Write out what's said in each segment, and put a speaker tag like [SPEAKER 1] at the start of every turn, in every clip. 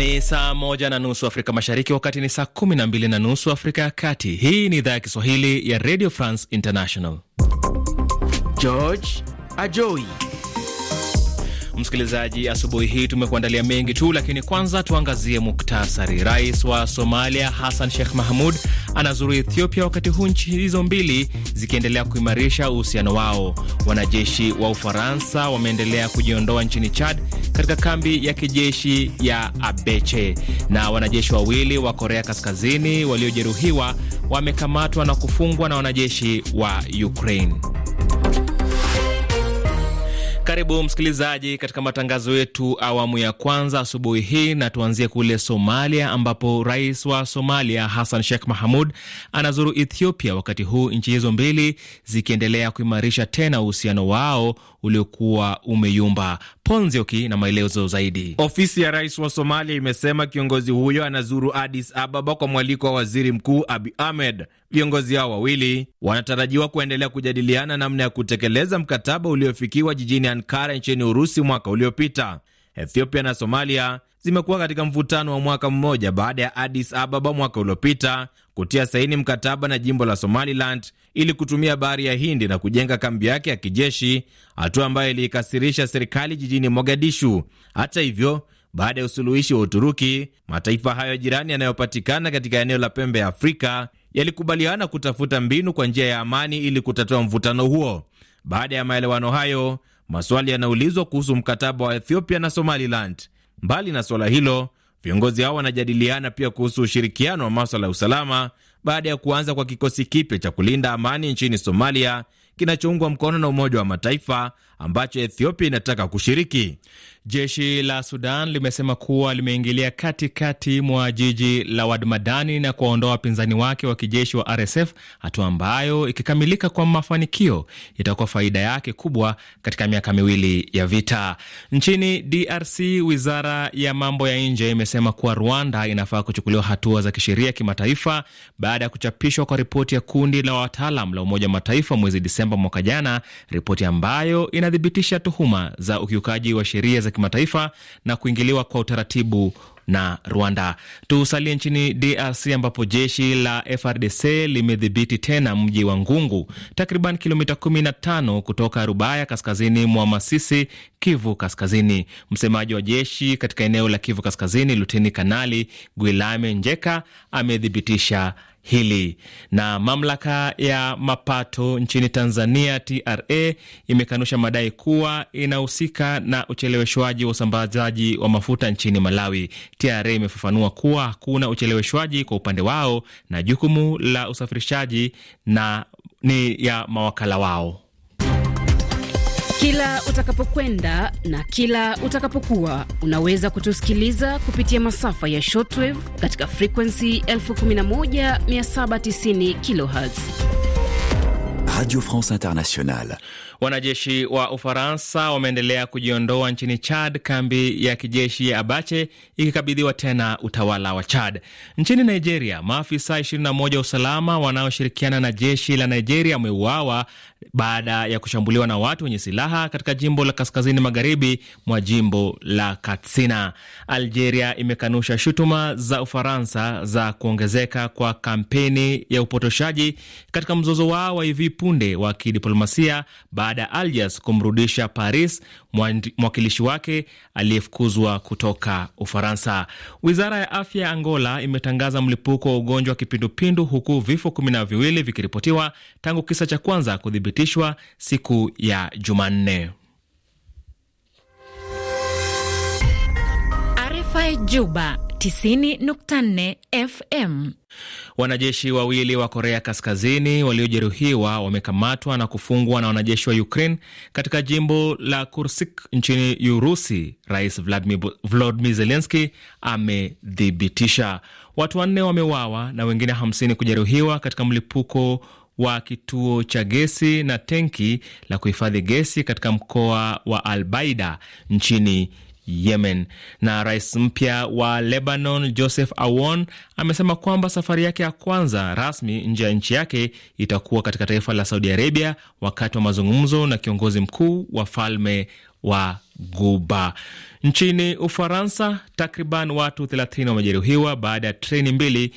[SPEAKER 1] Ni saa moja na nusu Afrika Mashariki, wakati ni saa kumi na mbili na nusu Afrika ya Kati. Hii ni idhaa ya Kiswahili ya Radio France International.
[SPEAKER 2] George Ajoi
[SPEAKER 1] Msikilizaji, asubuhi hii tumekuandalia mengi tu, lakini kwanza tuangazie muktasari. Rais wa Somalia Hassan Sheikh Mahmud anazuru Ethiopia, wakati huu nchi hizo mbili zikiendelea kuimarisha uhusiano wao. Wanajeshi wa Ufaransa wameendelea kujiondoa nchini Chad katika kambi ya kijeshi ya Abeche, na wanajeshi wawili wa Korea Kaskazini waliojeruhiwa wamekamatwa na kufungwa na wanajeshi wa Ukraine. Karibu msikilizaji katika matangazo yetu awamu ya kwanza asubuhi hii, na tuanzie kule Somalia ambapo rais wa Somalia Hassan Sheikh Mahamud anazuru Ethiopia, wakati huu nchi hizo mbili zikiendelea kuimarisha
[SPEAKER 2] tena uhusiano wao uliokuwa umeyumba. Ponzioki na maelezo zaidi. Ofisi ya rais wa Somalia imesema kiongozi huyo anazuru Addis Ababa kwa mwaliko wa waziri mkuu Abi Ahmed. Viongozi hao wawili wanatarajiwa kuendelea kujadiliana namna ya kutekeleza mkataba uliofikiwa jijini Ankara nchini Urusi mwaka uliopita. Ethiopia na Somalia zimekuwa katika mvutano wa mwaka mmoja baada ya Addis Ababa mwaka uliopita kutia saini mkataba na jimbo la Somaliland ili kutumia bahari ya Hindi na kujenga kambi yake ya kijeshi, hatua ambayo iliikasirisha serikali jijini Mogadishu. Hata hivyo, baada ya usuluhishi wa Uturuki, mataifa hayo jirani yanayopatikana katika eneo la pembe ya Afrika yalikubaliana kutafuta mbinu kwa njia ya amani ili kutatua mvutano huo. Baada ya maelewano hayo maswali yanaulizwa kuhusu mkataba wa Ethiopia na Somaliland. Mbali na swala hilo, viongozi hao wanajadiliana pia kuhusu ushirikiano wa maswala ya usalama baada ya kuanza kwa kikosi kipya cha kulinda amani nchini Somalia kinachoungwa mkono na Umoja wa Mataifa ambacho Ethiopia inataka kushiriki. Jeshi la Sudan
[SPEAKER 1] limesema kuwa limeingilia katikati mwa jiji la Wadmadani na kuwaondoa wapinzani wake wa kijeshi wa RSF, hatua ambayo ikikamilika kwa mafanikio itakuwa faida yake kubwa katika miaka miwili ya vita. Nchini DRC, wizara ya mambo ya nje imesema kuwa Rwanda inafaa kuchukuliwa hatua za kisheria kimataifa baada ya kuchapishwa kwa ripoti ya kundi la wataalam la Umoja wa Mataifa mwezi Disemba Desemba mwaka jana, ripoti ambayo inathibitisha tuhuma za ukiukaji wa sheria za kimataifa na kuingiliwa kwa utaratibu na Rwanda. Tusalie nchini DRC ambapo jeshi la FRDC limedhibiti tena mji wa Ngungu, takriban kilomita 15 kutoka Rubaya, kaskazini mwa Masisi, Kivu Kaskazini. Msemaji wa jeshi katika eneo la Kivu Kaskazini, Luteni Kanali Guilame Njeka amethibitisha hili. Na mamlaka ya mapato nchini Tanzania TRA imekanusha madai kuwa inahusika na ucheleweshwaji wa usambazaji wa mafuta nchini Malawi. TRA imefafanua kuwa hakuna ucheleweshwaji kwa upande wao na jukumu la usafirishaji na ni ya mawakala wao. Kila utakapokwenda na kila utakapokuwa unaweza kutusikiliza kupitia masafa ya shortwave katika frekuensi 11790 kh Radio France Internationale. Wanajeshi wa Ufaransa wameendelea kujiondoa nchini Chad, kambi ya kijeshi ya Abache ikikabidhiwa tena utawala wa Chad. Nchini Nigeria, maafisa 21 wa usalama wanaoshirikiana na jeshi la Nigeria wameuawa baada ya kushambuliwa na watu wenye silaha katika jimbo la kaskazini magharibi mwa jimbo la Katsina. Algeria imekanusha shutuma za Ufaransa za kuongezeka kwa kampeni ya upotoshaji katika mzozo wao wa hivi punde wa kidiplomasia baada ya Algiers kumrudisha Paris mwakilishi wake aliyefukuzwa kutoka Ufaransa. Wizara ya afya ya Angola imetangaza mlipuko wa ugonjwa wa kipindupindu huku vifo kumi na viwili vikiripotiwa tangu kisa cha kwanza kuthibitishwa siku ya Jumanne.
[SPEAKER 2] Juba 90.4 FM.
[SPEAKER 1] Wanajeshi wawili wa Korea Kaskazini waliojeruhiwa wamekamatwa na kufungwa na wanajeshi wa Ukraine katika jimbo la Kursk nchini Urusi. Rais Volodymyr Zelensky amethibitisha watu wanne wameuawa na wengine 50 kujeruhiwa katika mlipuko wa kituo cha gesi na tenki la kuhifadhi gesi katika mkoa wa Albaida nchini Yemen. Na rais mpya wa Lebanon Joseph Aoun amesema kwamba safari yake ya kwanza rasmi nje ya nchi yake itakuwa katika taifa la Saudi Arabia wakati wa mazungumzo na kiongozi mkuu wa falme wa Guba. Nchini Ufaransa, takriban watu 30 wamejeruhiwa baada ya treni mbili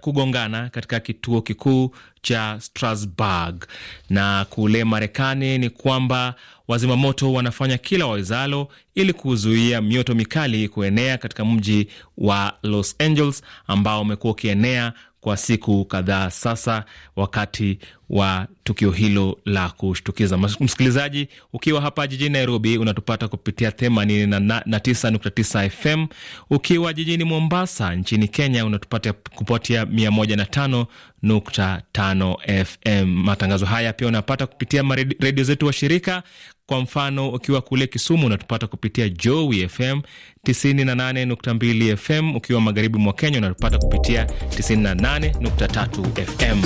[SPEAKER 1] kugongana katika kituo kikuu cha Strasbourg. Na kule Marekani ni kwamba wazima moto wanafanya kila wawezalo ili kuzuia mioto mikali kuenea katika mji wa Los Angeles ambao umekuwa ukienea kwa siku kadhaa sasa, wakati wa tukio hilo la kushtukiza. Msikilizaji, ukiwa hapa jijini Nairobi unatupata kupitia 89.9 FM. Ukiwa jijini Mombasa nchini Kenya unatupata kupitia 105.5 FM. Matangazo haya pia unapata kupitia redio zetu wa shirika kwa mfano, ukiwa kule Kisumu unatupata kupitia Joy FM 98.2 FM, ukiwa magharibi mwa Kenya unatupata kupitia 98.3
[SPEAKER 2] FM.